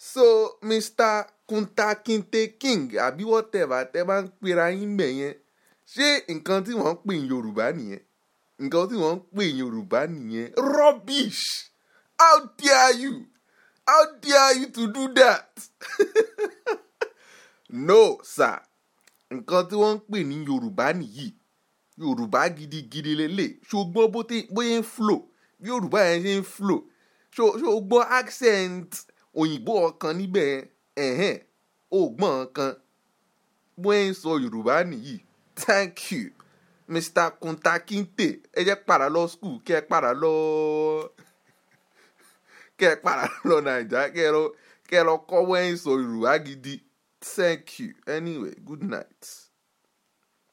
so mr Kunta Kinte king àbí whatever tẹ bá ń pera yín mẹ yẹn ṣé nǹkan tí wọ́n ń pè yorùbá nìyẹn nǹkan tí wọ́n ń pè yorùbá nìyẹn rubbish how dare you how dare you to do that no sir nǹkan tí wọ́n ń pè ní yorùbá nìyí yorùbá gidigidi lélẹ̀ ṣùgbọ́n bóyá ń flow yorùbá yẹn ṣe ń flow ṣùgbọ́n accent òyìnbó ọ̀kan níbẹ̀ ẹ̀hẹ́n ògbọ́n kan bó ń sọ yorùbá nìyí thank you mr kuntakinte ẹ jẹ́ para lọ school kẹ́ ẹ para lọ kẹ́ ẹ para lọ nàìjà kẹ́ ẹ lọ kọ́ wẹ́ń sọ yorùbá gidi thank you anyway good night.